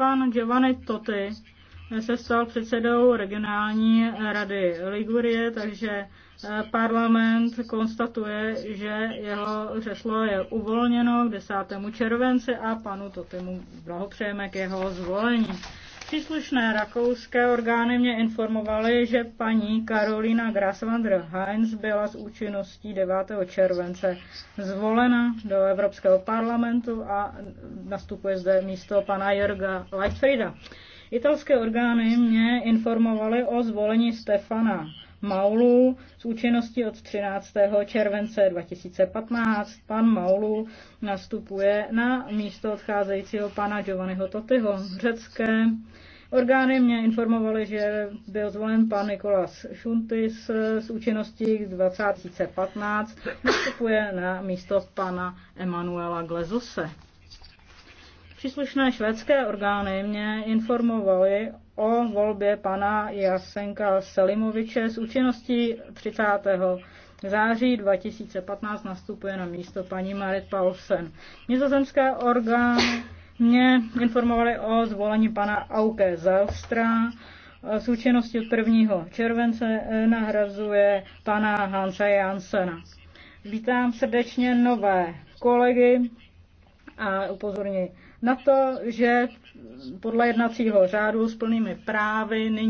Pan Giovanni Totti se stal předsedou regionální rady Ligurie, takže eh, parlament konstatuje, že jeho řeslo je uvolněno k 10. červenci a panu Totemu blahopřejeme k jeho zvolení. Příslušné rakouské orgány mě informovaly, že paní Karolina Grasvander Heinz byla s účinností 9. července zvolena do Evropského parlamentu a nastupuje zde místo pana Jorga Leitfrida. Italské orgány mě informovaly o zvolení Stefana Maulu s účinností od 13. července 2015. Pan Maulu nastupuje na místo odcházejícího pana Giovanniho Totyho. Řecké Orgány mě informovaly, že byl zvolen pan Nikolas Šuntis s účinností 2015, nastupuje na místo pana Emanuela Glezose. Příslušné švédské orgány mě informovaly o volbě pana Jasenka Selimoviče s účinností 30. září 2015 nastupuje na místo paní Marit Paulsen. Nizozemské orgány mě informovaly o zvolení pana Auke Zelstra s účinností od 1. července e, nahrazuje pana Hansa Jansena. Vítám srdečně nové kolegy, a upozorňuji na to, že podle jednacího řádu s plnými právy nyní